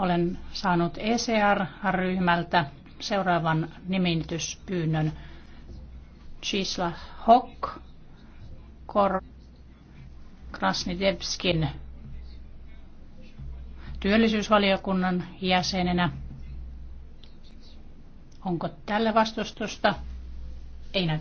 Olen saanut ECR-ryhmältä seuraavan nimityspyynnön. Chisla Hock, Kor Krasnidebskin työllisyysvaliokunnan jäsenenä. Onko tällä vastustusta? Ei näy.